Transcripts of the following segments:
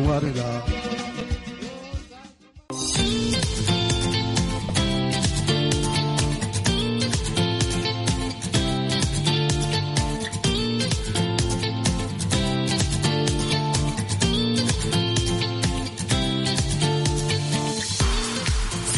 wa da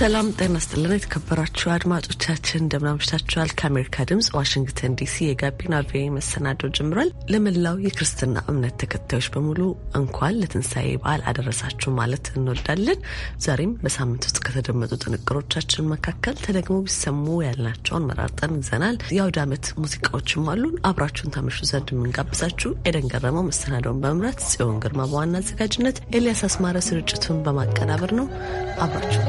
ሰላም ጤና ስጥልና የተከበራችሁ አድማጮቻችን እንደምናምሽታችኋል። ከአሜሪካ ድምፅ ዋሽንግተን ዲሲ የጋቢና ቪ መሰናዶ ጀምሯል። ለመላው የክርስትና እምነት ተከታዮች በሙሉ እንኳን ለትንሣኤ በዓል አደረሳችሁ ማለት እንወዳለን። ዛሬም በሳምንት ውስጥ ከተደመጡ ጥንቅሮቻችን መካከል ተደግሞ ቢሰሙ ያልናቸውን መራርጠን ይዘናል። የአውደ ዓመት ሙዚቃዎችም አሉን። አብራችሁን ታመሹ ዘንድ የምንጋብዛችሁ ኤደን ገረመው መሰናዶውን በመምራት ጽዮን ግርማ በዋና አዘጋጅነት፣ ኤልያስ አስማረ ስርጭቱን በማቀናበር ነው። አብራችሁ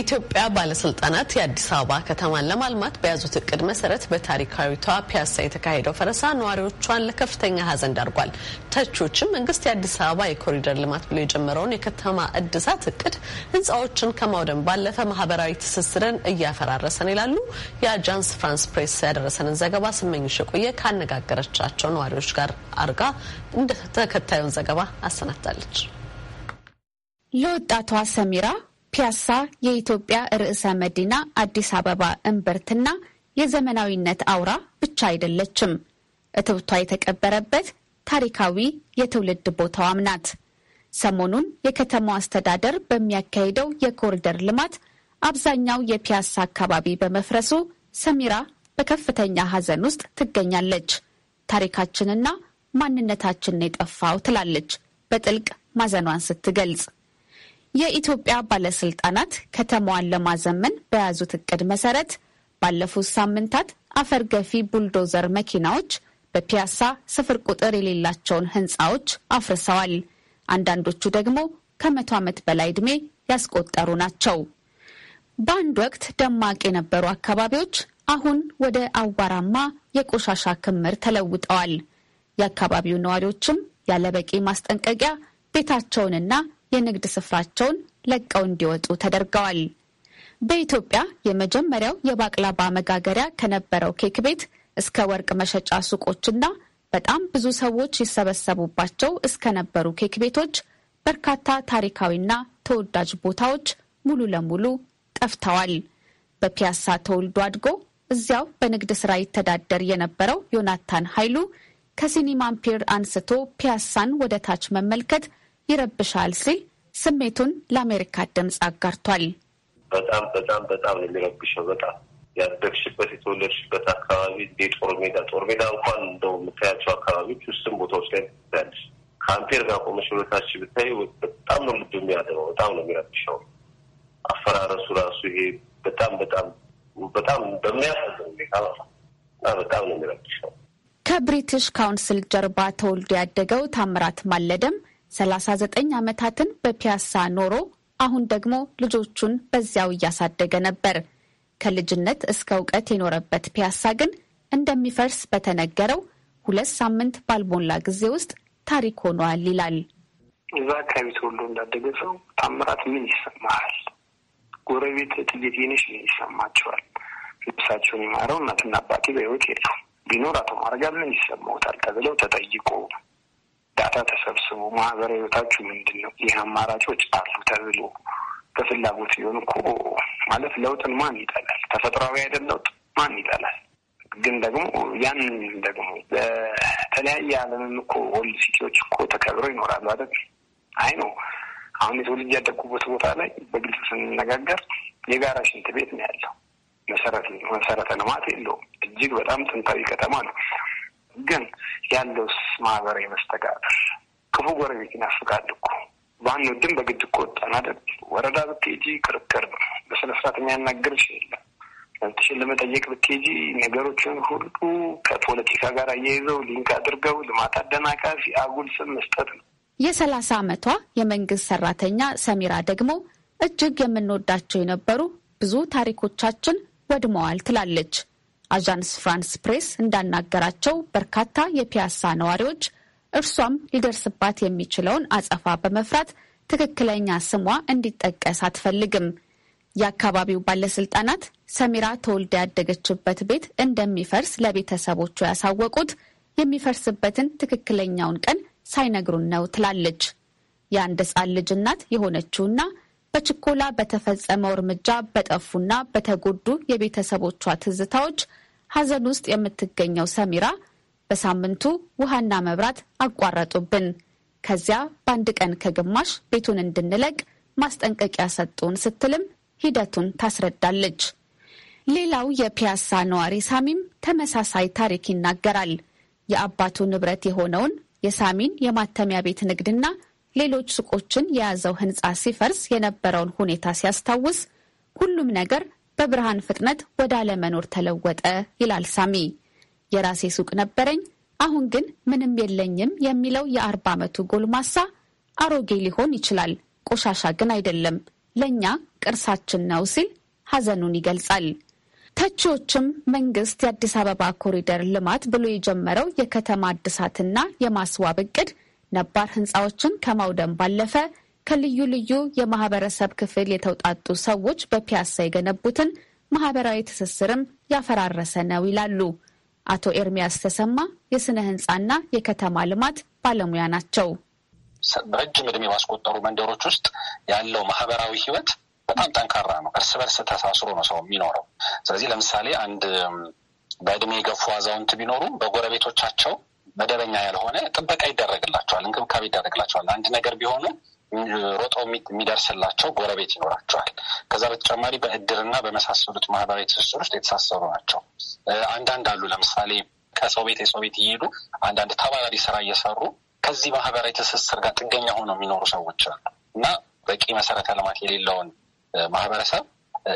የኢትዮጵያ ባለስልጣናት የአዲስ አበባ ከተማን ለማልማት በያዙት እቅድ መሰረት በታሪካዊቷ ፒያሳ የተካሄደው ፈረሳ ነዋሪዎቿን ለከፍተኛ ሀዘን ዳርጓል። ተቾችም መንግስት የአዲስ አበባ የኮሪደር ልማት ብሎ የጀመረውን የከተማ እድሳት እቅድ ህንፃዎችን ከማውደም ባለፈ ማህበራዊ ትስስርን እያፈራረሰን ይላሉ። የአጃንስ ፍራንስ ፕሬስ ያደረሰንን ዘገባ ስመኝሽ የቆየ ካነጋገረቻቸው ነዋሪዎች ጋር አርጋ እንደ ተከታዩን ዘገባ አሰናድታለች። ለወጣቷ ሰሚራ ፒያሳ የኢትዮጵያ ርዕሰ መዲና አዲስ አበባ እምብርትና የዘመናዊነት አውራ ብቻ አይደለችም። እትብቷ የተቀበረበት ታሪካዊ የትውልድ ቦታዋም ናት። ሰሞኑን የከተማው አስተዳደር በሚያካሂደው የኮሪደር ልማት አብዛኛው የፒያሳ አካባቢ በመፍረሱ ሰሚራ በከፍተኛ ሐዘን ውስጥ ትገኛለች። ታሪካችንና ማንነታችንን የጠፋው ትላለች በጥልቅ ማዘኗን ስትገልጽ የኢትዮጵያ ባለስልጣናት ከተማዋን ለማዘመን በያዙት እቅድ መሰረት ባለፉት ሳምንታት አፈር ገፊ ቡልዶዘር መኪናዎች በፒያሳ ስፍር ቁጥር የሌላቸውን ህንፃዎች አፍርሰዋል። አንዳንዶቹ ደግሞ ከመቶ ዓመት በላይ ዕድሜ ያስቆጠሩ ናቸው። በአንድ ወቅት ደማቅ የነበሩ አካባቢዎች አሁን ወደ አዋራማ የቆሻሻ ክምር ተለውጠዋል። የአካባቢው ነዋሪዎችም ያለበቂ ማስጠንቀቂያ ቤታቸውንና የንግድ ስፍራቸውን ለቀው እንዲወጡ ተደርገዋል። በኢትዮጵያ የመጀመሪያው የባቅላባ መጋገሪያ ከነበረው ኬክ ቤት እስከ ወርቅ መሸጫ ሱቆችና በጣም ብዙ ሰዎች ይሰበሰቡባቸው እስከነበሩ ኬክ ቤቶች በርካታ ታሪካዊና ተወዳጅ ቦታዎች ሙሉ ለሙሉ ጠፍተዋል። በፒያሳ ተወልዶ አድጎ እዚያው በንግድ ስራ ይተዳደር የነበረው ዮናታን ኃይሉ ከሲኒማ አምፔር አንስቶ ፒያሳን ወደ ታች መመልከት ይረብሻል ሲል ስሜቱን ለአሜሪካ ድምፅ አጋርቷል። በጣም በጣም በጣም የሚረብሸው። በጣም ያደግሽበት የተወለድሽበት አካባቢ እንደ ጦር ሜዳ ጦር ሜዳ እንኳን እንደው የምታያቸው አካባቢዎች ውስን ቦታዎች ላይ ትያለሽ። ከአምፔር ጋር ቆመሽ ብለታች ብታይ በጣም ነው ልብ የሚያደረው በጣም ነው የሚረብሸው። አፈራረሱ ራሱ ይሄ በጣም በጣም በጣም በሚያሳዝን ሁኔታ በጣም ነው የሚረብሸው። ከብሪቲሽ ካውንስል ጀርባ ተወልዶ ያደገው ታምራት ማለደም 39 ዓመታትን በፒያሳ ኖሮ አሁን ደግሞ ልጆቹን በዚያው እያሳደገ ነበር። ከልጅነት እስከ እውቀት የኖረበት ፒያሳ ግን እንደሚፈርስ በተነገረው ሁለት ሳምንት ባልሞላ ጊዜ ውስጥ ታሪክ ሆኗል ይላል። እዛ አካባቢ ተወልዶ እንዳደገ ሰው ታምራት ምን ይሰማሃል? ጎረቤት እትዬ ጤነሽ ምን ይሰማቸዋል? ልብሳቸውን የማረው እናትና አባቴ በሕይወት የለም ቢኖር አቶ ማረጋ ምን ይሰማውታል? ተብለው ተጠይቆ እርዳታ ተሰብስቦ ማህበራዊ ህይወታችሁ ምንድን ነው? ይህ አማራጮች አሉ ተብሎ በፍላጎት ሲሆን እኮ ማለት ለውጥን ማን ይጠላል? ተፈጥሯዊ አይደል ለውጥ ማን ይጠላል? ግን ደግሞ ያንን ደግሞ በተለያየ ዓለምም እኮ ወልድ ሲቲዎች እኮ ተከብሮ ይኖራሉ አይደል? አይ ነው አሁን የተወልጅ ያደግኩበት ቦታ ላይ በግልጽ ስንነጋገር የጋራ ሽንት ቤት ነው ያለው። መሰረተ ልማት የለውም። እጅግ በጣም ጥንታዊ ከተማ ነው። ግን ያለው ማህበራዊ መስተጋብር ክፉ ጎረቤት ይናፍቃል እኮ ባንወድም በግድ እቆጣን አይደል? ወረዳ ብትሄጂ ክርክር ነው። በስነ ስርዓት የሚያናግርሽ የለም። መብትሽን ለመጠየቅ ብትሄጂ ነገሮችን ሁሉ ከፖለቲካ ጋር አያይዘው ሊንክ አድርገው ልማት አደናቃፊ አጉል ስም መስጠት ነው። የሰላሳ ዓመቷ የመንግስት ሰራተኛ ሰሚራ ደግሞ እጅግ የምንወዳቸው የነበሩ ብዙ ታሪኮቻችን ወድመዋል ትላለች። አዣንስ ፍራንስ ፕሬስ እንዳናገራቸው በርካታ የፒያሳ ነዋሪዎች እርሷም ሊደርስባት የሚችለውን አጸፋ በመፍራት ትክክለኛ ስሟ እንዲጠቀስ አትፈልግም። የአካባቢው ባለስልጣናት ሰሚራ ተወልዳ ያደገችበት ቤት እንደሚፈርስ ለቤተሰቦቹ ያሳወቁት የሚፈርስበትን ትክክለኛውን ቀን ሳይነግሩን ነው ትላለች። የአንድ ህጻን ልጅ እናት የሆነችውና በችኮላ በተፈጸመው እርምጃ በጠፉና በተጎዱ የቤተሰቦቿ ትዝታዎች ሀዘን ውስጥ የምትገኘው ሰሚራ በሳምንቱ ውሃና መብራት አቋረጡብን። ከዚያ በአንድ ቀን ከግማሽ ቤቱን እንድንለቅ ማስጠንቀቂያ ሰጡን ስትልም ሂደቱን ታስረዳለች። ሌላው የፒያሳ ነዋሪ ሳሚም ተመሳሳይ ታሪክ ይናገራል። የአባቱ ንብረት የሆነውን የሳሚን የማተሚያ ቤት ንግድና ሌሎች ሱቆችን የያዘው ሕንፃ ሲፈርስ የነበረውን ሁኔታ ሲያስታውስ ሁሉም ነገር በብርሃን ፍጥነት ወደ አለመኖር ተለወጠ ይላል ሳሚ። የራሴ ሱቅ ነበረኝ፣ አሁን ግን ምንም የለኝም የሚለው የአርባ ዓመቱ ጎልማሳ አሮጌ ሊሆን ይችላል፣ ቆሻሻ ግን አይደለም፣ ለእኛ ቅርሳችን ነው ሲል ሐዘኑን ይገልጻል። ተቺዎችም መንግስት የአዲስ አበባ ኮሪደር ልማት ብሎ የጀመረው የከተማ እድሳትና የማስዋብ እቅድ ነባር ህንፃዎችን ከማውደም ባለፈ ከልዩ ልዩ የማህበረሰብ ክፍል የተውጣጡ ሰዎች በፒያሳ የገነቡትን ማህበራዊ ትስስርም ያፈራረሰ ነው ይላሉ። አቶ ኤርሚያስ ተሰማ የስነ ህንፃና የከተማ ልማት ባለሙያ ናቸው። ረጅም እድሜ ባስቆጠሩ መንደሮች ውስጥ ያለው ማህበራዊ ህይወት በጣም ጠንካራ ነው። እርስ በርስ ተሳስሮ ነው ሰው የሚኖረው። ስለዚህ ለምሳሌ አንድ በእድሜ የገፉ አዛውንት ቢኖሩ በጎረቤቶቻቸው መደበኛ ያልሆነ ጥበቃ ይደረግላቸዋል፣ እንክብካቤ ይደረግላቸዋል። አንድ ነገር ቢሆኑ ሮጦ የሚደርስላቸው ጎረቤት ይኖራቸዋል። ከዛ በተጨማሪ በእድርና በመሳሰሉት ማህበራዊ ትስስር ውስጥ የተሳሰሩ ናቸው። አንዳንድ አሉ። ለምሳሌ ከሰው ቤት የሰው ቤት እየሄዱ አንዳንድ ተባራሪ ስራ እየሰሩ ከዚህ ማህበራዊ ትስስር ጋር ጥገኛ ሆነው የሚኖሩ ሰዎች አሉ እና በቂ መሰረተ ልማት የሌለውን ማህበረሰብ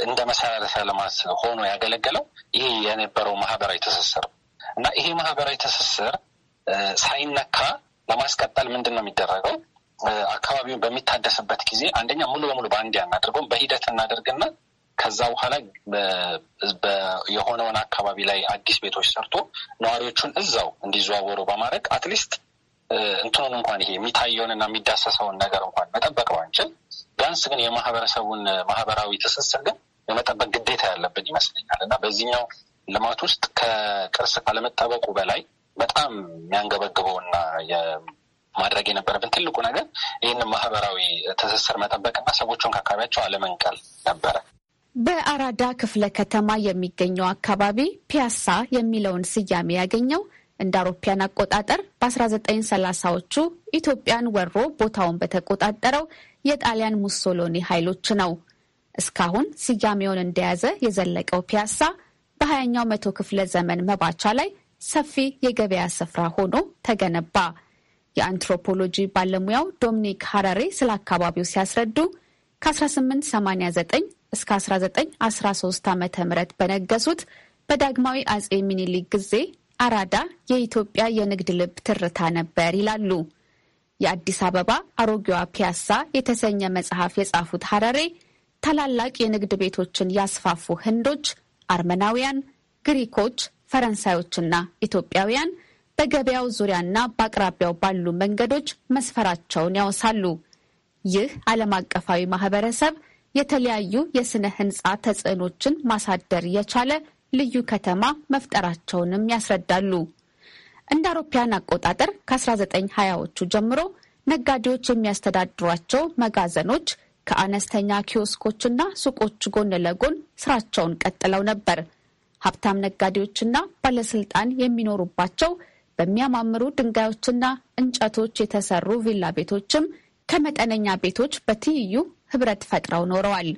እንደ መሰረተ ልማት ሆኖ ያገለገለው ይሄ የነበረው ማህበራዊ ትስስር እና ይሄ ማህበራዊ ትስስር ሳይነካ ለማስቀጠል ምንድን ነው የሚደረገው? አካባቢውን በሚታደስበት ጊዜ አንደኛ ሙሉ በሙሉ በአንድ ያናደርገውም በሂደት እናደርግና ከዛ በኋላ የሆነውን አካባቢ ላይ አዲስ ቤቶች ሰርቶ ነዋሪዎቹን እዛው እንዲዘዋወሩ በማድረግ አትሊስት እንትኑን እንኳን ይሄ የሚታየውንና የሚዳሰሰውን ነገር እንኳን መጠበቅ ባንችል፣ ቢያንስ ግን የማህበረሰቡን ማህበራዊ ትስስር ግን የመጠበቅ ግዴታ ያለብን ይመስለኛል እና በዚህኛው ልማት ውስጥ ከቅርስ ካለመጠበቁ በላይ በጣም የሚያንገበግበውና ማድረግ የነበረብን ትልቁ ነገር ይህንን ማህበራዊ ትስስር መጠበቅና ሰዎቹን ከአካባቢያቸው አለመንቀል ነበረ። በአራዳ ክፍለ ከተማ የሚገኘው አካባቢ ፒያሳ የሚለውን ስያሜ ያገኘው እንደ አውሮፓያን አቆጣጠር በ1930ዎቹ ኢትዮጵያን ወሮ ቦታውን በተቆጣጠረው የጣሊያን ሙሶሎኒ ኃይሎች ነው። እስካሁን ስያሜውን እንደያዘ የዘለቀው ፒያሳ በሀያኛው መቶ ክፍለ ዘመን መባቻ ላይ ሰፊ የገበያ ስፍራ ሆኖ ተገነባ። የአንትሮፖሎጂ ባለሙያው ዶሚኒክ ሀራሬ ስለ አካባቢው ሲያስረዱ ከ1889 እስከ 1913 ዓ ም በነገሱት በዳግማዊ አጼ ሚኒሊክ ጊዜ አራዳ የኢትዮጵያ የንግድ ልብ ትርታ ነበር ይላሉ። የአዲስ አበባ አሮጌዋ ፒያሳ የተሰኘ መጽሐፍ የጻፉት ሀራሬ ታላላቅ የንግድ ቤቶችን ያስፋፉ ህንዶች፣ አርመናውያን፣ ግሪኮች፣ ፈረንሳዮችና ኢትዮጵያውያን በገበያው ዙሪያና በአቅራቢያው ባሉ መንገዶች መስፈራቸውን ያወሳሉ። ይህ ዓለም አቀፋዊ ማህበረሰብ የተለያዩ የስነ ህንፃ ተጽዕኖችን ማሳደር የቻለ ልዩ ከተማ መፍጠራቸውንም ያስረዳሉ። እንደ አውሮፓያን አቆጣጠር ከ1920ዎቹ ጀምሮ ነጋዴዎች የሚያስተዳድሯቸው መጋዘኖች ከአነስተኛ ኪዮስኮችና ሱቆች ጎን ለጎን ስራቸውን ቀጥለው ነበር። ሀብታም ነጋዴዎችና ባለስልጣን የሚኖሩባቸው በሚያማምሩ ድንጋዮችና እንጨቶች የተሰሩ ቪላ ቤቶችም ከመጠነኛ ቤቶች በትይዩ ህብረት ፈጥረው ኖረዋል።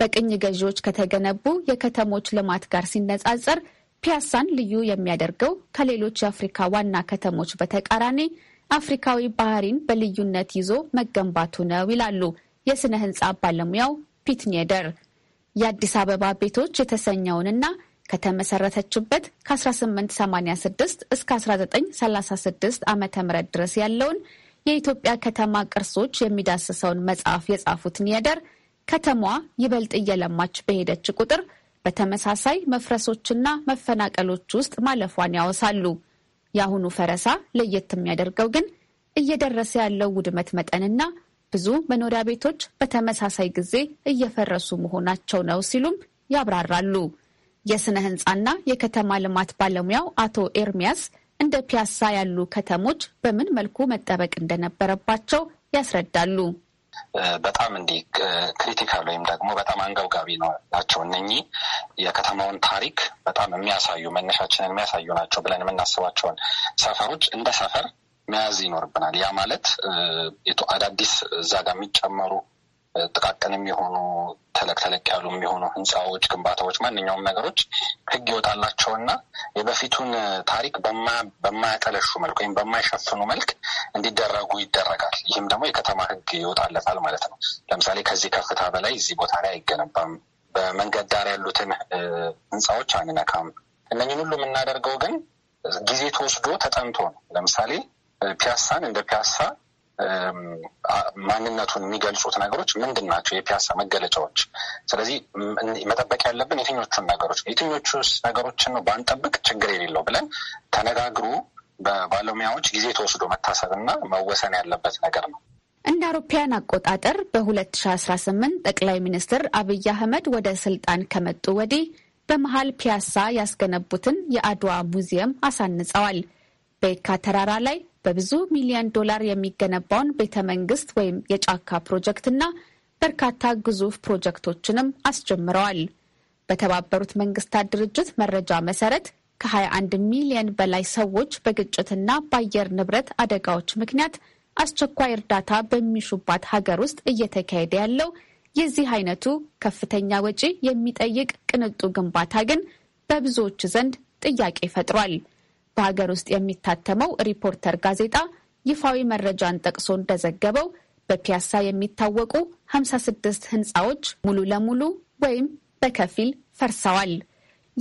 በቅኝ ገዢዎች ከተገነቡ የከተሞች ልማት ጋር ሲነጻጸር ፒያሳን ልዩ የሚያደርገው ከሌሎች የአፍሪካ ዋና ከተሞች በተቃራኒ አፍሪካዊ ባህሪን በልዩነት ይዞ መገንባቱ ነው ይላሉ የስነ ህንፃ ባለሙያው ፒትኔደር። የአዲስ አበባ ቤቶች የተሰኘውንና ከተመሰረተችበት ከ1886 እስከ 1936 ዓ ም ድረስ ያለውን የኢትዮጵያ ከተማ ቅርሶች የሚዳስሰውን መጽሐፍ የጻፉት ኒያደር ከተማዋ ይበልጥ እየለማች በሄደች ቁጥር በተመሳሳይ መፍረሶችና መፈናቀሎች ውስጥ ማለፏን ያወሳሉ። የአሁኑ ፈረሳ ለየት የሚያደርገው ግን እየደረሰ ያለው ውድመት መጠንና ብዙ መኖሪያ ቤቶች በተመሳሳይ ጊዜ እየፈረሱ መሆናቸው ነው ሲሉም ያብራራሉ። የስነ ህንፃና የከተማ ልማት ባለሙያው አቶ ኤርሚያስ እንደ ፒያሳ ያሉ ከተሞች በምን መልኩ መጠበቅ እንደነበረባቸው ያስረዳሉ። በጣም እንዲህ ክሪቲካል ወይም ደግሞ በጣም አንገብጋቢ ነው ናቸው እነኚህ የከተማውን ታሪክ በጣም የሚያሳዩ መነሻችንን የሚያሳዩ ናቸው ብለን የምናስባቸውን ሰፈሮች እንደ ሰፈር መያዝ ይኖርብናል። ያ ማለት አዳዲስ እዛ ጋር የሚጨመሩ ጥቃቅን የሚሆኑ ተለቅ ተለቅ ያሉ የሚሆኑ ህንፃዎች፣ ግንባታዎች፣ ማንኛውም ነገሮች ህግ ይወጣላቸውና የበፊቱን ታሪክ በማያጠለሹ መልክ ወይም በማይሸፍኑ መልክ እንዲደረጉ ይደረጋል። ይህም ደግሞ የከተማ ህግ ይወጣለታል ማለት ነው። ለምሳሌ ከዚህ ከፍታ በላይ እዚህ ቦታ ላይ አይገነባም፣ በመንገድ ዳር ያሉትን ህንፃዎች አንነካም። እነኝን ሁሉ የምናደርገው ግን ጊዜ ተወስዶ ተጠንቶ ነው። ለምሳሌ ፒያሳን እንደ ፒያሳ ማንነቱን የሚገልጹት ነገሮች ምንድን ናቸው? የፒያሳ መገለጫዎች። ስለዚህ መጠበቅ ያለብን የትኞቹን ነገሮች የትኞቹ ነገሮችን ነው ባንጠብቅ ችግር የሌለው ብለን ተነጋግሮ በባለሙያዎች ጊዜ ተወስዶ መታሰብና መወሰን ያለበት ነገር ነው። እንደ አውሮፓያን አቆጣጠር በ2018 ጠቅላይ ሚኒስትር አብይ አህመድ ወደ ስልጣን ከመጡ ወዲህ በመሀል ፒያሳ ያስገነቡትን የአድዋ ሙዚየም አሳንጸዋል። በየካ ተራራ ላይ በብዙ ሚሊዮን ዶላር የሚገነባውን ቤተ መንግስት ወይም የጫካ ፕሮጀክትና በርካታ ግዙፍ ፕሮጀክቶችንም አስጀምረዋል። በተባበሩት መንግስታት ድርጅት መረጃ መሰረት ከ21 ሚሊዮን በላይ ሰዎች በግጭትና በአየር ንብረት አደጋዎች ምክንያት አስቸኳይ እርዳታ በሚሹባት ሀገር ውስጥ እየተካሄደ ያለው የዚህ አይነቱ ከፍተኛ ወጪ የሚጠይቅ ቅንጡ ግንባታ ግን በብዙዎች ዘንድ ጥያቄ ፈጥሯል። በሀገር ውስጥ የሚታተመው ሪፖርተር ጋዜጣ ይፋዊ መረጃን ጠቅሶ እንደዘገበው በፒያሳ የሚታወቁ 56 ህንፃዎች ሙሉ ለሙሉ ወይም በከፊል ፈርሰዋል።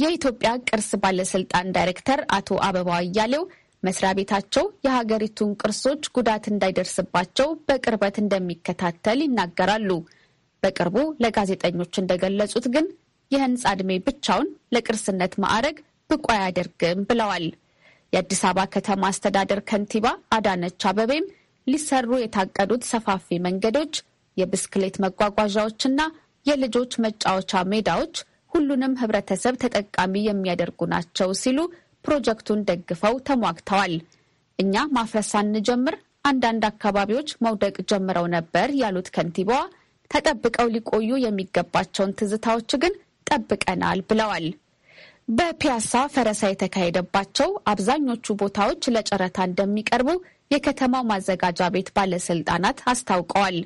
የኢትዮጵያ ቅርስ ባለስልጣን ዳይሬክተር አቶ አበባው አያሌው መስሪያ ቤታቸው የሀገሪቱን ቅርሶች ጉዳት እንዳይደርስባቸው በቅርበት እንደሚከታተል ይናገራሉ። በቅርቡ ለጋዜጠኞች እንደገለጹት ግን የህንፃ ዕድሜ ብቻውን ለቅርስነት ማዕረግ ብቁ አያደርግም ብለዋል። የአዲስ አበባ ከተማ አስተዳደር ከንቲባ አዳነች አበቤም ሊሰሩ የታቀዱት ሰፋፊ መንገዶች፣ የብስክሌት መጓጓዣዎችና የልጆች መጫወቻ ሜዳዎች ሁሉንም ህብረተሰብ ተጠቃሚ የሚያደርጉ ናቸው ሲሉ ፕሮጀክቱን ደግፈው ተሟግተዋል። እኛ ማፍረስ ሳንጀምር አንዳንድ አካባቢዎች መውደቅ ጀምረው ነበር ያሉት ከንቲባዋ ተጠብቀው ሊቆዩ የሚገባቸውን ትዝታዎች ግን ጠብቀናል ብለዋል። በፒያሳ ፈረሳ የተካሄደባቸው አብዛኞቹ ቦታዎች ለጨረታ እንደሚቀርቡ የከተማው ማዘጋጃ ቤት ባለስልጣናት አስታውቀዋል።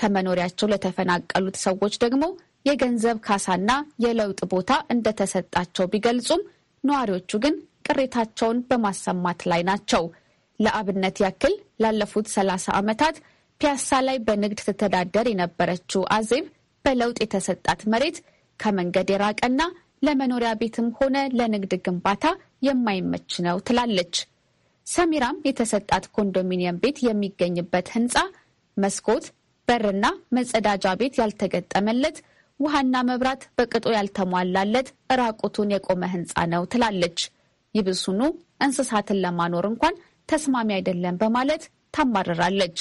ከመኖሪያቸው ለተፈናቀሉት ሰዎች ደግሞ የገንዘብ ካሳና የለውጥ ቦታ እንደተሰጣቸው ቢገልጹም ነዋሪዎቹ ግን ቅሬታቸውን በማሰማት ላይ ናቸው። ለአብነት ያክል ላለፉት ሰላሳ ዓመታት ፒያሳ ላይ በንግድ ትተዳደር የነበረችው አዜብ በለውጥ የተሰጣት መሬት ከመንገድ የራቀና ለመኖሪያ ቤትም ሆነ ለንግድ ግንባታ የማይመች ነው ትላለች። ሰሚራም የተሰጣት ኮንዶሚኒየም ቤት የሚገኝበት ህንፃ መስኮት፣ በርና መጸዳጃ ቤት ያልተገጠመለት፣ ውሃና መብራት በቅጡ ያልተሟላለት ራቁቱን የቆመ ህንፃ ነው ትላለች። ይብሱኑ እንስሳትን ለማኖር እንኳን ተስማሚ አይደለም በማለት ታማርራለች።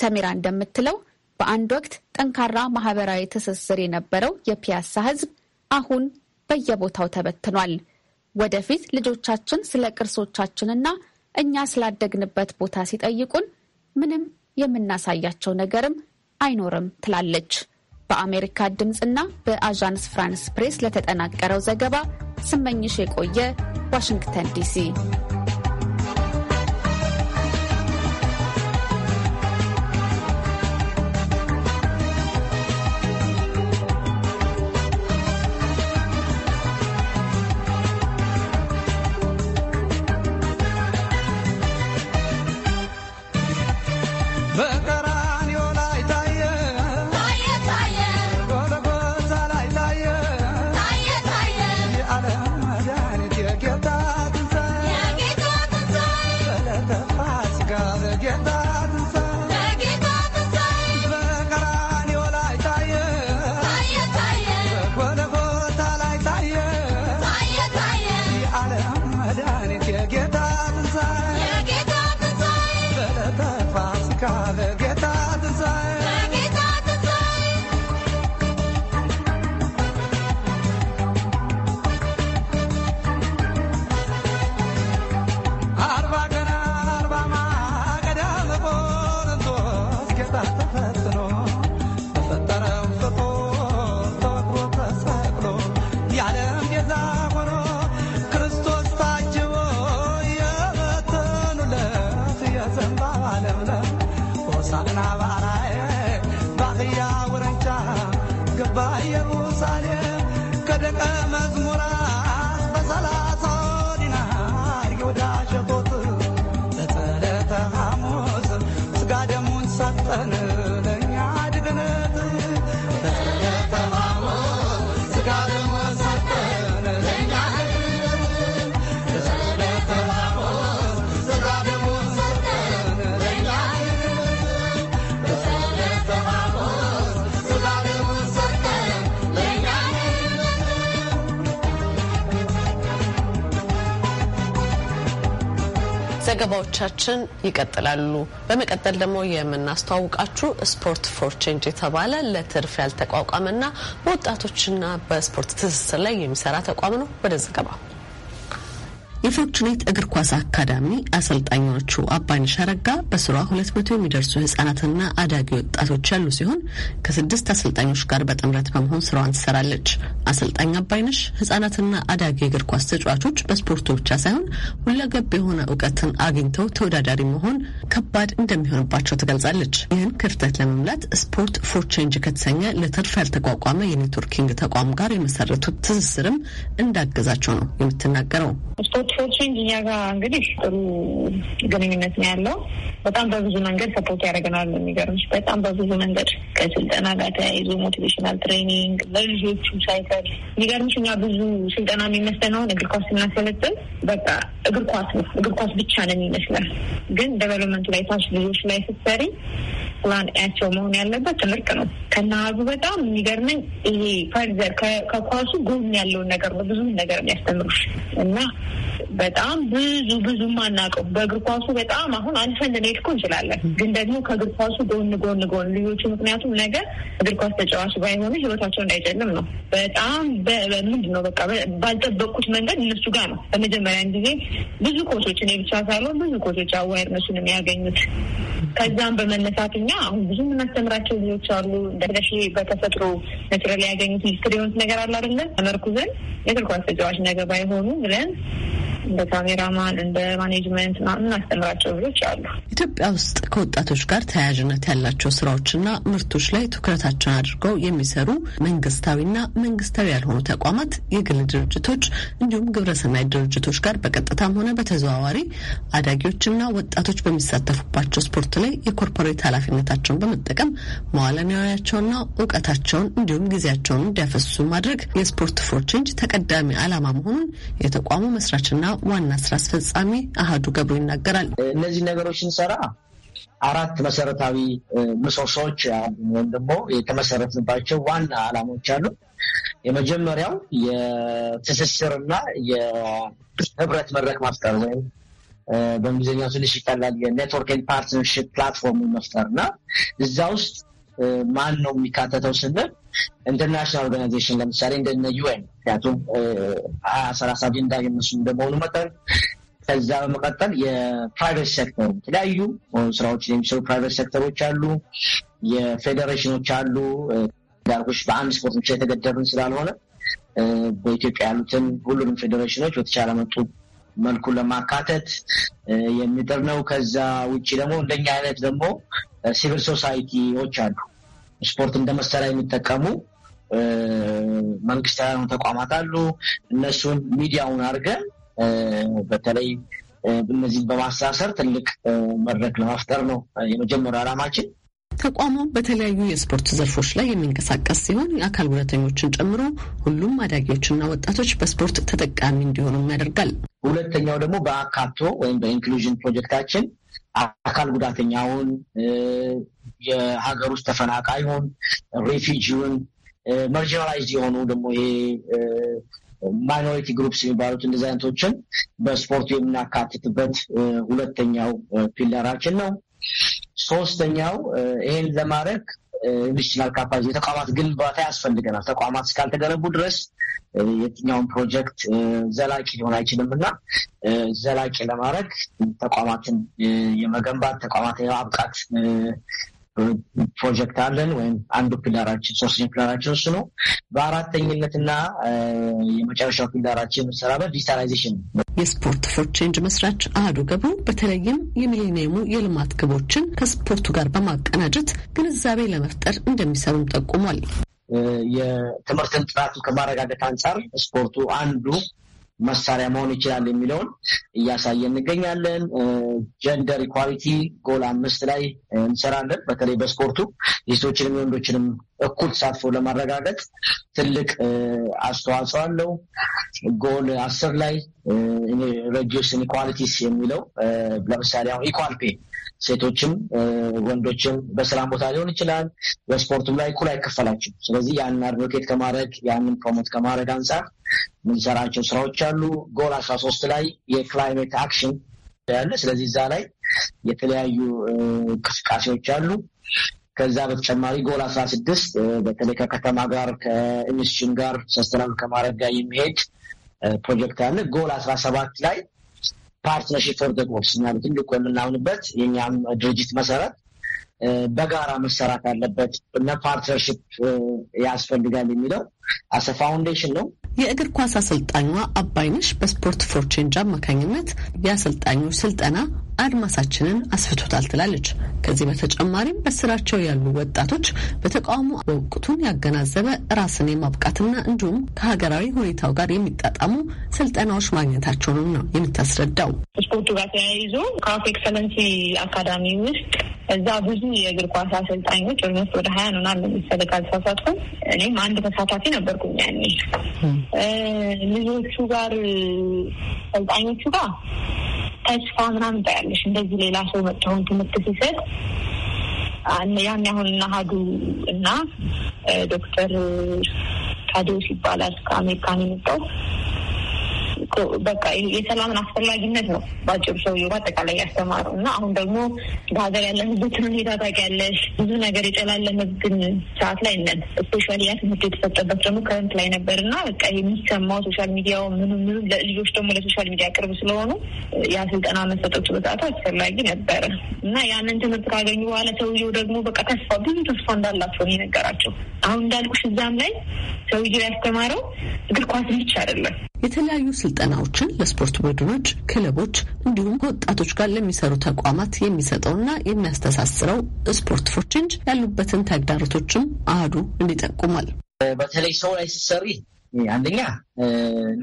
ሰሚራ እንደምትለው በአንድ ወቅት ጠንካራ ማህበራዊ ትስስር የነበረው የፒያሳ ህዝብ አሁን በየቦታው ተበትኗል። ወደፊት ልጆቻችን ስለ ቅርሶቻችንና እኛ ስላደግንበት ቦታ ሲጠይቁን ምንም የምናሳያቸው ነገርም አይኖርም ትላለች። በአሜሪካ ድምፅና በአዣንስ ፍራንስ ፕሬስ ለተጠናቀረው ዘገባ ስመኝሽ የቆየ ዋሽንግተን ዲሲ ዘገባዎቻችን ይቀጥላሉ። በመቀጠል ደግሞ የምናስተዋውቃችሁ ስፖርት ፎር ቼንጅ የተባለ ለትርፍ ያልተቋቋመና በወጣቶችና በስፖርት ትስስር ላይ የሚሰራ ተቋም ነው። ወደ ዘገባው የፎርቹኔት እግር ኳስ አካዳሚ አሰልጣኞቹ አባይነሽ አረጋ በስሯ ሁለት መቶ የሚደርሱ ህጻናትና አዳጊ ወጣቶች ያሉ ሲሆን ከስድስት አሰልጣኞች ጋር በጥምረት በመሆን ስራዋን ትሰራለች። አሰልጣኝ አባይነሽ ህጻናትና አዳጊ እግር ኳስ ተጫዋቾች በስፖርቱ ብቻ ሳይሆን ሁለገብ የሆነ እውቀትን አግኝተው ተወዳዳሪ መሆን ከባድ እንደሚሆንባቸው ትገልጻለች። ይህን ክፍተት ለመምላት ስፖርት ፎር ቼንጅ ከተሰኘ ለትርፍ ያልተቋቋመ የኔትወርኪንግ ተቋም ጋር የመሰረቱት ትስስርም እንዳገዛቸው ነው የምትናገረው። ስፖርት ሶል ቼንጅ እኛ ጋር እንግዲህ ጥሩ ግንኙነት ነው ያለው። በጣም በብዙ መንገድ ሰፖርት ያደርገናል። የሚገርምሽ በጣም በብዙ መንገድ ከስልጠና ጋር ተያይዞ ሞቲቬሽናል ትሬኒንግ ለልጆቹ ሳይቀር የሚገርምሽ እኛ ብዙ ስልጠና የሚመስለን አሁን እግር ኳስ ስናሰለጥን በቃ እግር ኳስ ነው እግር ኳስ ብቻ ነው የሚመስላል። ግን ደቨሎፕመንቱ ላይ ታች ልጆች ላይ ስትሰሪ ፕላን ያቸው መሆን ያለበት ትምህርት ነው። ከነሀቡ በጣም የሚገርመኝ ይሄ ፈርዘር ከኳሱ ጎን ያለውን ነገር ነው ብዙም ነገር የሚያስተምሩሽ እና በጣም ብዙ ብዙ ማናውቀው በእግር ኳሱ በጣም አሁን አልፈን ልንሄድ እኮ እንችላለን። ግን ደግሞ ከእግር ኳሱ ጎን ጎን ጎን ልጆቹ ምክንያቱም ነገር እግር ኳስ ተጫዋች ባይሆኑ ህይወታቸው እንዳይጨልም ነው። በጣም ምንድን ነው በቃ ባልጠበቅኩት መንገድ እነሱ ጋር ነው በመጀመሪያን ጊዜ ብዙ ኮቾች እኔ ብቻ ሳልሆን ብዙ ኮቾች አዋይር እነሱን የሚያገኙት ከዛም በመነሳት እኛ አሁን ብዙ የምናስተምራቸው ልጆች አሉ። እንደሽ በተፈጥሮ ናቹራል ያገኙት ሂስትሪ የሆኑት ነገር አለ አይደለ? ተመርኩዘን የእግር ኳስ ተጫዋች ነገ ባይሆኑ ብለን እንደ ካሜራማን እንደ ማኔጅመንት እናስተምራቸው ልጆች አሉ። ኢትዮጵያ ውስጥ ከወጣቶች ጋር ተያያዥነት ያላቸው ስራዎችና ምርቶች ላይ ትኩረታቸውን አድርገው የሚሰሩ መንግስታዊና መንግስታዊ ያልሆኑ ተቋማት፣ የግል ድርጅቶች እንዲሁም ግብረሰናይ ድርጅቶች ጋር በቀጥታም ሆነ በተዘዋዋሪ አዳጊዎችና ወጣቶች በሚሳተፉባቸው ስፖርት ላይ የኮርፖሬት ኃላፊነታቸውን በመጠቀም መዋለ ንዋያቸውንና እውቀታቸውን እንዲሁም ጊዜያቸውን እንዲያፈሱ ማድረግ የስፖርት ፎር ቼንጅ ተቀዳሚ ዓላማ መሆኑን የተቋሙ መስራችና ዋና ስራ አስፈጻሚ አህዱ ገብሩ ይናገራል። እነዚህ ነገሮች ስንሰራ አራት መሰረታዊ ምሰሶዎች ወይም ደግሞ የተመሰረትንባቸው ዋና አላማዎች አሉ። የመጀመሪያው የትስስርና የህብረት መድረክ መፍጠር ወይም በእንግሊዝኛው ትንሽ ይቀላል የኔትወርክ ፓርትነርሽፕ ፕላትፎርም መፍጠር እና እዛ ውስጥ ማን ነው የሚካተተው ስንል ኢንተርናሽናል ኦርጋናይዜሽን ለምሳሌ እንደነ ዩኤን ምክንያቱም ሰላሳ አጀንዳ የነሱ እንደመሆኑ መጠን ከዛ በመቀጠል የፕራይቬት ሴክተር የተለያዩ ስራዎችን የሚሰሩ ፕራይቬት ሴክተሮች አሉ፣ የፌዴሬሽኖች አሉ። ዳርጎች በአንድ ስፖርት ብቻ የተገደብን ስላልሆነ በኢትዮጵያ ያሉትን ሁሉንም ፌዴሬሽኖች በተቻለ መጡ መልኩ ለማካተት የሚጥር ነው። ከዛ ውጭ ደግሞ እንደኛ አይነት ደግሞ ሲቪል ሶሳይቲዎች አሉ። ስፖርት እንደ መሳሪያ የሚጠቀሙ መንግስታዊ ተቋማት አሉ። እነሱን ሚዲያውን አድርገን በተለይ እነዚህን በማሳሰር ትልቅ መድረክ ለመፍጠር ነው የመጀመሪያው ዓላማችን። ተቋሙ በተለያዩ የስፖርት ዘርፎች ላይ የሚንቀሳቀስ ሲሆን የአካል ጉዳተኞችን ጨምሮ ሁሉም አዳጊዎችና ወጣቶች በስፖርት ተጠቃሚ እንዲሆኑም ያደርጋል። ሁለተኛው ደግሞ በአካቶ ወይም በኢንክሉዥን ፕሮጀክታችን አካል ጉዳተኛውን፣ የሀገር ውስጥ ተፈናቃዩን፣ ሬፊጂውን፣ መርጂናላይዝድ የሆኑ ደግሞ ይሄ ማይኖሪቲ ግሩፕስ የሚባሉት እንደዚህ አይነቶችን በስፖርቱ የምናካትትበት ሁለተኛው ፒለራችን ነው። ሶስተኛው ይህን ለማድረግ ኢንዱስትሪያል ካፓሲቲ የተቋማት ግንባታ ያስፈልገናል። ተቋማት እስካልተገነቡ ድረስ የትኛውን ፕሮጀክት ዘላቂ ሊሆን አይችልም እና ዘላቂ ለማድረግ ተቋማትን የመገንባት ተቋማትን የማብቃት ፕሮጀክት አለን ወይም አንዱ ፒላራችን፣ ሶስተኛ ፒላራችን እሱ ነው። በአራተኝነትና የመጨረሻው ፒላራችን የምንሰራበት ዲጂታላይዜሽን ነው። የስፖርት ፎር ቼንጅ መስራች አህዱ ገቡ በተለይም የሚሊኒየሙ የልማት ግቦችን ከስፖርቱ ጋር በማቀናጀት ግንዛቤ ለመፍጠር እንደሚሰሩም ጠቁሟል። የትምህርትን ጥራቱ ከማረጋገጥ አንጻር ስፖርቱ አንዱ መሳሪያ መሆን ይችላል የሚለውን እያሳየ እንገኛለን። ጀንደር ኢኳሊቲ ጎል አምስት ላይ እንሰራለን። በተለይ በስፖርቱ የሴቶችንም የወንዶችንም እኩል ተሳትፎ ለማረጋገጥ ትልቅ አስተዋጽኦ አለው። ጎል አስር ላይ ሬዲዩስ ኢኳሊቲስ የሚለው ለምሳሌ አሁን ኢኳል ፔ ሴቶችም ወንዶችም በስራም ቦታ ሊሆን ይችላል፣ በስፖርቱም ላይ እኩል አይከፈላቸው። ስለዚህ ያንን አድቮኬት ከማድረግ ያንን ፕሮሞት ከማድረግ አንጻር የምንሰራቸው ስራዎች አሉ። ጎል አስራ ሶስት ላይ የክላይሜት አክሽን ያለ ስለዚህ እዛ ላይ የተለያዩ እንቅስቃሴዎች አሉ። ከዛ በተጨማሪ ጎል አስራ ስድስት በተለይ ከከተማ ጋር ከኢንስቲትዩሽን ጋር ሰስተናል ከማድረግ ጋር የሚሄድ ፕሮጀክት አለ። ጎል አስራ ሰባት ላይ ፓርትነርሽፕ ፎር ዘ ጎልስ እኛም ትልቁ የምናምንበት የኛም ድርጅት መሰረት በጋራ መሰራት አለበት እና ፓርትነርሽፕ ያስፈልጋል የሚለው አሰ ፋውንዴሽን ነው። የእግር ኳስ አሰልጣኟ አባይነሽ በስፖርት ፎር ቼንጅ አማካኝነት የአሰልጣኙ ስልጠና አድማሳችንን አስፍቶታል ትላለች። ከዚህ በተጨማሪም በስራቸው ያሉ ወጣቶች በተቃውሞ ወቅቱን ያገናዘበ ራስን የማብቃትና እንዲሁም ከሀገራዊ ሁኔታው ጋር የሚጣጣሙ ስልጠናዎች ማግኘታቸውንም ነው የምታስረዳው። ስፖርቱ ጋር ተያይዞ ካፍ ኤክሰለንሲ አካዳሚ ውስጥ እዛ ብዙ የእግር ኳስ አሰልጣኞች ኦልሞስት ወደ ሀያ ነው ነና ለሚሰለ ካልተሳሳትኩም እኔም አንድ ተሳታፊ ነበርኩኝ። ያኔ ልጆቹ ጋር ሰልጣኞቹ ጋር ተስፋ ምናምን ታውቂያለሽ። እንደዚህ ሌላ ሰው መጥተውን ትምህርት ሲሰጥ ያን ያሁን ናሀዱ እና ዶክተር ታዲዮስ ይባላል ከአሜሪካን የመጣው በቃ የሰላምን አስፈላጊነት ነው በአጭሩ ሰውዬው በአጠቃላይ ያስተማረው እና አሁን ደግሞ በሀገር ያለንበትን ሁኔታ ታውቂያለሽ። ብዙ ነገር የጨላለመብን ሰዓት ላይ ነን። ስፔሻሊ ያ ትምህርት የተሰጠበት ደግሞ ከረንት ላይ ነበር እና በቃ የሚሰማው ሶሻል ሚዲያው ምኑ ምኑ ለልጆች ደግሞ ለሶሻል ሚዲያ ቅርብ ስለሆኑ ያ ስልጠና መሰጠቱ በሰዓቱ አስፈላጊ ነበረ እና ያንን ትምህርት ካገኙ በኋላ ሰውዬው ደግሞ በቃ ተስፋ ብዙ ተስፋ እንዳላቸው ነው የነገራቸው። አሁን እንዳልኩሽ እዛም ላይ ሰውዬው ያስተማረው እግር ኳስ ብቻ አይደለም የተለያዩ ስልጠናዎችን ለስፖርት ቡድኖች፣ ክለቦች እንዲሁም ከወጣቶች ጋር ለሚሰሩ ተቋማት የሚሰጠውና የሚያስተሳስረው ስፖርት ፎር ቼንጅ ያሉበትን ተግዳሮቶችም አህዱ እንዲጠቁሟል። በተለይ ሰው ላይ ስትሰሪ አንደኛ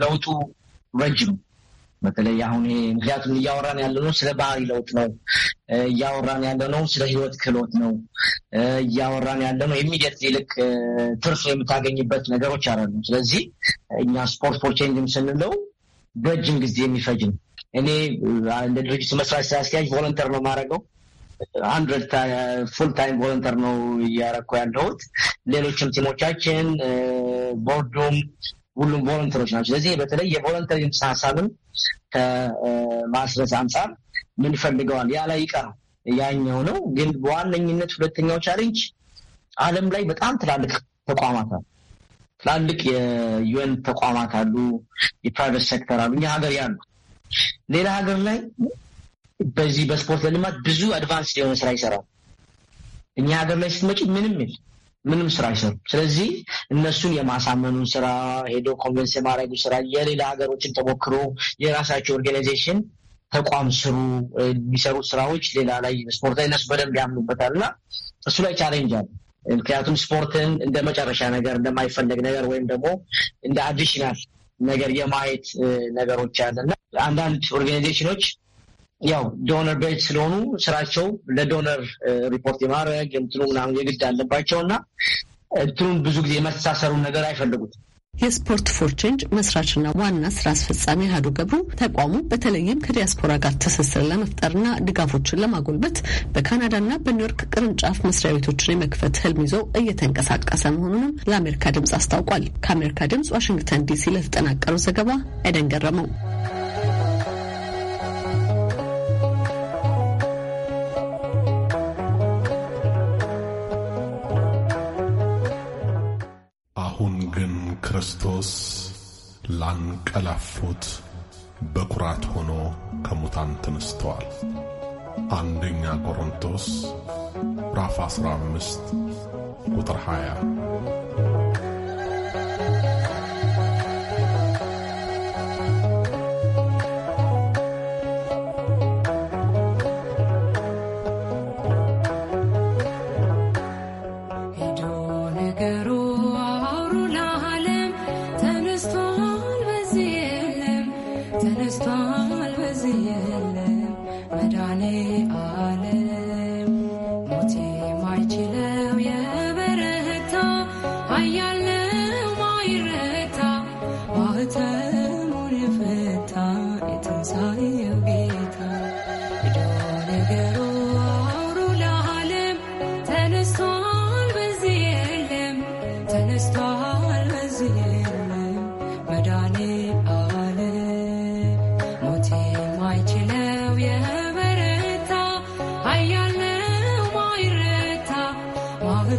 ለውጡ ረጅም በተለይ አሁን ይሄ ምክንያቱም እያወራን ያለ ነው ስለ ባህሪ ለውጥ ነው፣ እያወራን ያለ ነው ስለ ህይወት ክህሎት ነው፣ እያወራን ያለ ነው ኢሚዲየት ይልቅ ትርፍ የምታገኝበት ነገሮች አሉ። ስለዚህ እኛ ስፖርት ፎር ቼንጅም ስንለው በእጅም ጊዜ የሚፈጅ ነው። እኔ እንደ ድርጅቱ መስራች አስኪያጅ ቮለንተር ነው የማደርገው አንድ ፉል ታይም ቮለንተር ነው እያረኩ ያለሁት። ሌሎችም ቲሞቻችን ቦርዱም ሁሉም ቮለንተሮች ናቸው። ስለዚህ በተለይ የቮለንተሪ ሀሳብን ከማስረጽ አንጻር ምን ፈልገዋል ያ ላይ ይቀር ያኛው ነው። ግን በዋነኝነት ሁለተኛው ቻሌንጅ ዓለም ላይ በጣም ትላልቅ ተቋማት አሉ። ትላልቅ የዩኤን ተቋማት አሉ፣ የፕራይቬት ሴክተር አሉ፣ እኛ ሀገር ያሉ ሌላ ሀገር ላይ በዚህ በስፖርት ለልማት ብዙ አድቫንስ የሆነ ስራ ይሰራል። እኛ ሀገር ላይ ስትመጪ ምንም የለም። ምንም ስራ አይሰሩ ስለዚህ እነሱን የማሳመኑን ስራ ሄዶ ኮንቨንስ የማድረጉ ስራ የሌላ ሀገሮችን ተሞክሮ የራሳቸው ኦርጋናይዜሽን ተቋም ስሩ የሚሰሩ ስራዎች ሌላ ላይ ስፖርት ላይ እነሱ በደንብ ያምኑበታል እና እሱ ላይ ቻሌንጅ አለ። ምክንያቱም ስፖርትን እንደ መጨረሻ ነገር እንደማይፈለግ ነገር ወይም ደግሞ እንደ አዲሽናል ነገር የማየት ነገሮች አለ እና አንዳንድ ኦርጋናይዜሽኖች ያው ዶነር ቤት ስለሆኑ ስራቸው ለዶነር ሪፖርት የማድረግ የምትሉ ምናምን የግድ አለባቸው እና እንትኑን ብዙ ጊዜ የመተሳሰሩን ነገር አይፈልጉትም። የስፖርት ፎር ቼንጅ መስራችና ዋና ስራ አስፈጻሚ ኢህዱ ገብሩ ተቋሙ በተለይም ከዲያስፖራ ጋር ትስስር ለመፍጠርና ድጋፎችን ለማጎልበት በካናዳና በኒውዮርክ ቅርንጫፍ መስሪያ ቤቶችን የመክፈት ህልም ይዘው እየተንቀሳቀሰ መሆኑንም ለአሜሪካ ድምፅ አስታውቋል። ከአሜሪካ ድምፅ ዋሽንግተን ዲሲ ለተጠናቀረው ዘገባ አይደን ገረመው። ክርስቶስ ላንቀላፉት በኩራት ሆኖ ከሙታን ተነስተዋል። አንደኛ ቆሮንቶስ ራፍ 15 ቁጥር 20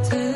to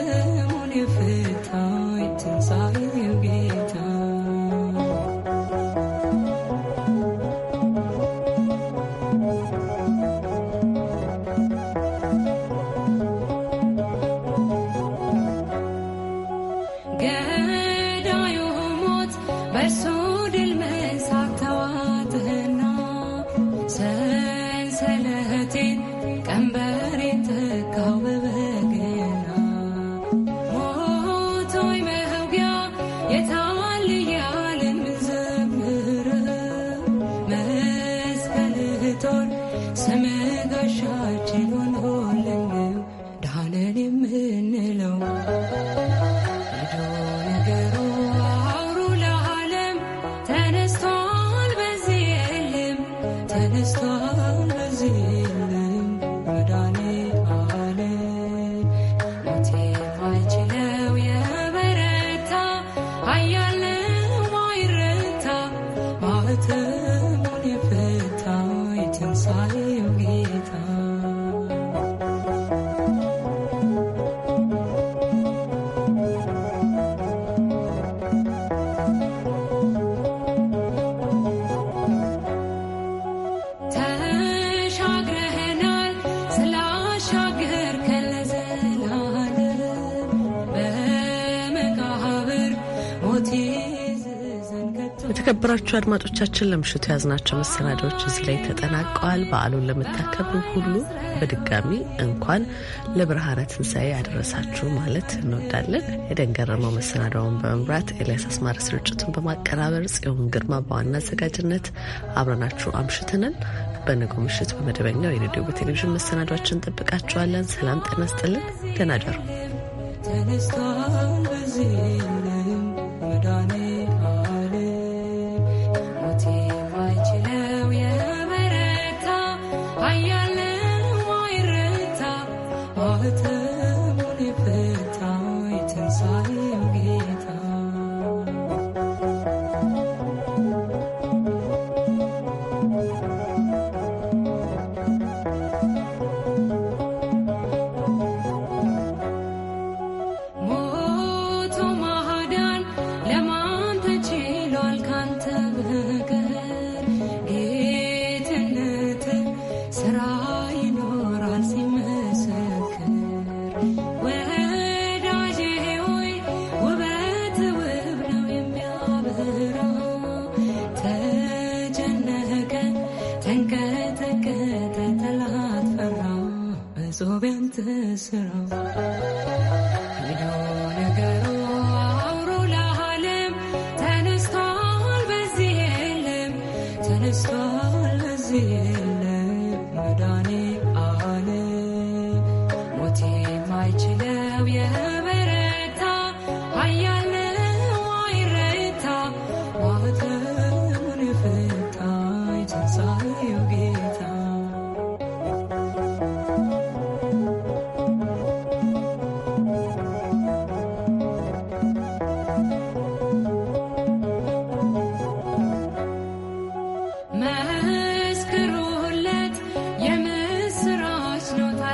ተነስታ ለዚህ የለም መዳኔ የተከበራችሁ አድማጮቻችን ለምሽቱ የያዝናቸው መሰናዳዎች እዚህ ላይ ተጠናቀዋል። በዓሉን ለምታከብሩ ሁሉ በድጋሚ እንኳን ለብርሃነ ትንሣኤ ያደረሳችሁ ማለት እንወዳለን። የደንገረመው መሰናዳውን በመምራት ኤልያስ አስማረ፣ ስርጭቱን በማቀራበር ጽዮን ግርማ በዋና አዘጋጅነት አብረናችሁ አምሽትንን በነገው ምሽት በመደበኛው የሬዲዮ በቴሌቪዥን መሰናዷችን እንጠብቃችኋለን። ሰላም ጤና ይስጥልን። ደህና እደሩ።